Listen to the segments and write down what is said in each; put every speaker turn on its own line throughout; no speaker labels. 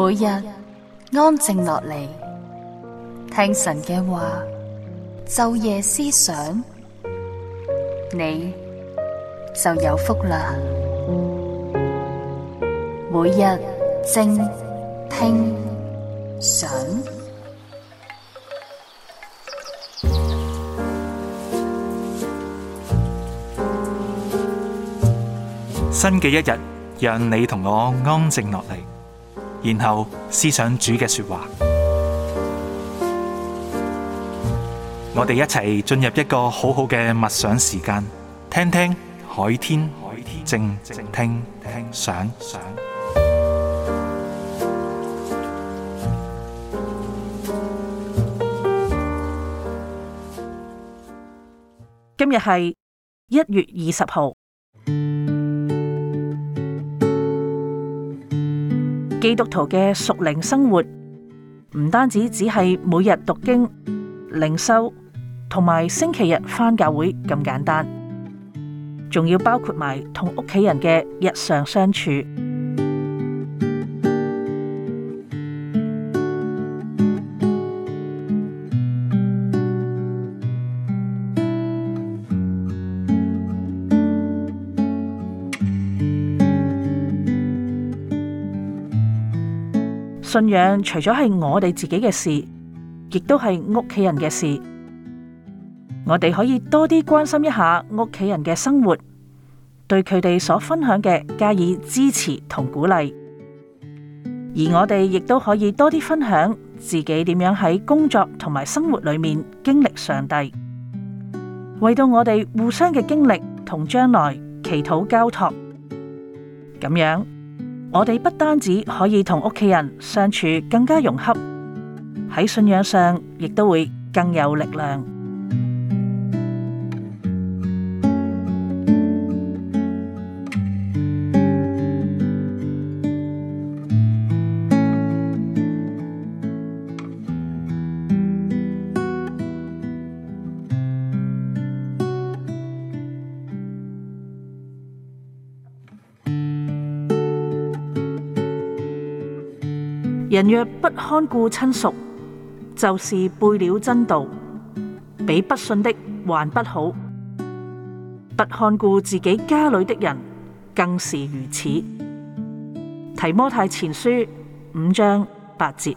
每日安靜落嚟，聽神嘅話，晝夜思想，你就有福啦。每日靜聽想，
新嘅一日，讓你同我安靜落嚟。然後思想主嘅說話， 我哋一齊進入一個好好嘅默想時間，聽聽海天靜聽，聽想。
今日係一月二十號。基督徒嘅屬靈生活唔單止只係每日讀經、靈修同埋星期日返教會咁簡單，仲要包括埋同屋企人嘅日常相處。信仰除咗係我哋自己嘅事，亦都係屋企人嘅事。我哋可以多啲關心一下屋企人嘅生活，對佢哋所分享嘅加以支持同鼓勵。而我哋亦都可以多啲分享自己點樣喺工作同埋生活裏面經歷上帝，為到我哋互相嘅經歷同將來祈禱交託。咁樣。我哋不單止可以同屋企人相處更加融洽，喺信仰上亦都會更有力量。人若不看顧親屬，就是背了真道，比不信的還不好。不看顧自己家裏的人，更是如此。提摩太前書五章八節。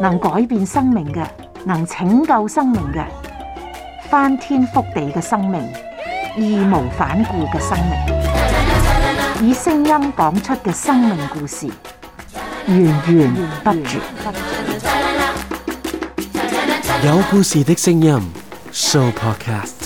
能改變生命嘅，能拯救生命嘅，翻天覆地嘅生命，義無反顧嘅生命，以聲音講出嘅生命故事，
源源不絕。有故事的聲音，Show Podcast。